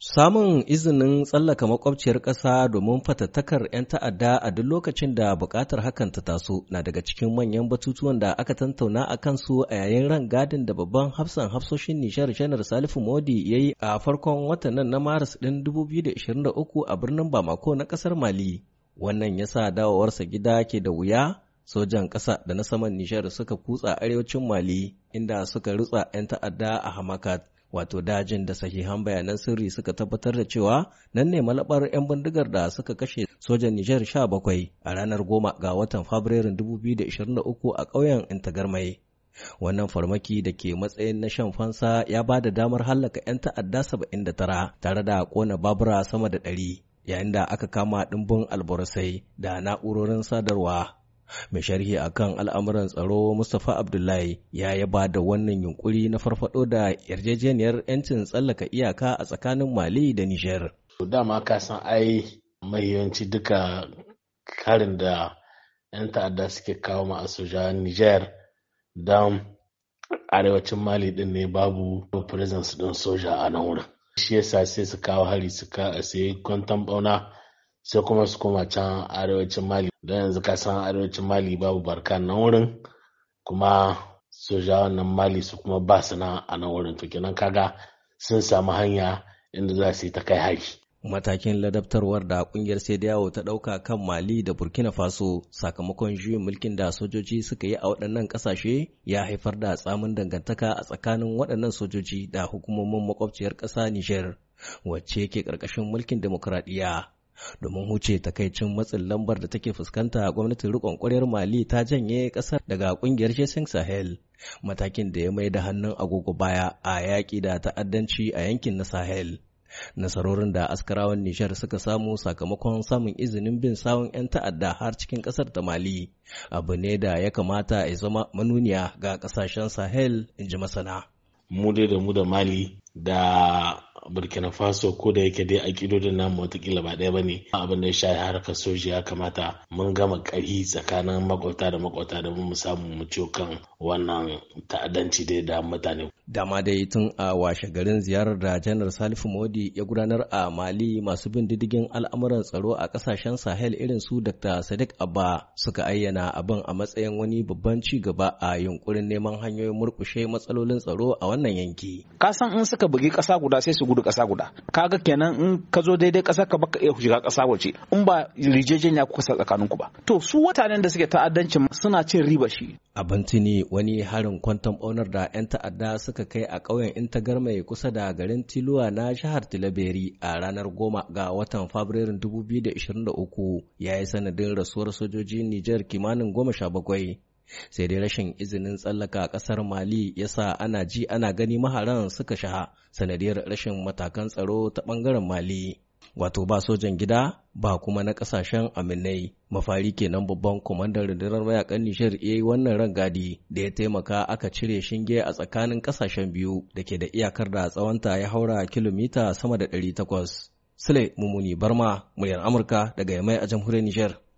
Samun izinin tsallaka makwabciyar ƙasa domin fatattakar 'yan ta'adda a duk lokacin da buƙatar hakan ta taso na daga cikin manyan batutuwan da aka tantauna a kansu a yayin ran gadin da babban hafsan hafsoshin nishar shanar Salifu Modi ya yi a farkon watan na Maris ɗin 2023 a birnin Bamako na ƙasar Mali. Wannan ya sa dawowarsa gida ke da wuya sojan ƙasa da na saman nishar suka kutsa arewacin Mali inda suka rutsa 'yan ta'adda a Hamakat. wato dajin da sahihan bayanan sirri suka tabbatar da cewa nan ne malabar 'yan bindigar da suka kashe sojan Nijar bakwai a ranar goma ga watan Fabrairun 2023 a ƙauyen Intagarmaye. Wannan farmaki da ke matsayin na shan fansa ya ba da damar hallaka 'yan ta'adda 79 tare da kona babura sama da ɗari, yayin da aka kama ɗimbin alborosai da na'urorin sadarwa mai sharhi akan al'amuran tsaro mustapha abdullahi ya yaba da wannan yunkuri na farfado da yarjejeniyar 'yancin tsallaka iyaka a tsakanin mali da nijar dama ka san ai mahiyanci duka karin da 'yan ta'adda suke kawo ma a sojan nijar don arewacin mali din ne babu presence din soja a nan wurin shi yasa sai su kawo hari su sai kwantan bauna sai kuma su koma can arewacin mali don yanzu ka san arewacin mali babu barka nan wurin kuma sojawan nan mali su kuma ba su nan a nan wurin to kenan kaga sun samu hanya inda za su yi ta kai hari matakin ladabtarwar da kungiyar sai yawo ta dauka kan mali da burkina faso sakamakon juyin mulkin da sojoji suka yi a waɗannan ƙasashe ya haifar da tsamin dangantaka a tsakanin waɗannan sojoji da hukumomin makwabciyar ƙasa niger wacce ke ƙarƙashin mulkin demokuraɗiyya domin huce takaicin matsin lambar da take fuskanta gwamnatin rikon kwaryar mali ta janye kasar daga kungiyar shesin sahel matakin da ya mai da hannun agogo baya a yaƙi da ta'addanci a yankin na sahel nasarorin da askarawan nishar suka samu sakamakon samun izinin bin sawun 'yan ta'adda har cikin kasar ta mali abu ne da ya kamata ya zama manuniya ga kasashen sahel in ji masana mu da mu da mali da burkina faso ko da yake dai a akidodin namu watakila ba ɗaya ba ne abin da ya sha harkar soji ya kamata mun gama ƙari tsakanin makwabta da makwabta da mun samu mu kan wannan ta'addanci dai da mutane. dama dai tun a washe garin ziyarar da janar salifu modi ya gudanar a mali masu bin diddigin al'amuran tsaro a kasashen sahel irin su dr sadiq abba suka ayyana abin a matsayin wani babban ci gaba a yunkurin neman hanyoyin murkushe matsalolin tsaro a wannan yanki kasan in suka bugi ƙasa guda sai su gudu ƙasa guda kaga kenan in ka zo daidai ƙasa ka baka iya shiga ƙasa wace in ba rijejeniya kuka tsakanin tsakaninku ba to su mutanen da suke ta'addancin suna cin riba shi abin wani harin kwantan onar da 'yan ta'adda suka kai a ƙauyen intagar mai kusa da garin tiluwa na shahar tilaberi a ranar goma ga watan fabrairun 2023 ya yi sanadin rasuwar sojojin nijar kimanin goma sha bakwai sai dai rashin izinin tsallaka kasar mali ya sa ana ji ana gani maharan suka shaha sanadiyar rashin matakan tsaro ta bangaren mali wato ba sojan gida ba kuma na kasashen aminai mafari kenan babban kwamandan rundunar mayakan nishar ya yi wannan rangadi da ya taimaka aka cire shinge a tsakanin kasashen biyu da ke da iyakar da tsawonta ya haura kilomita sama da 800 sule mummuni barma muryar amurka daga yamai a jamhuriyar nijar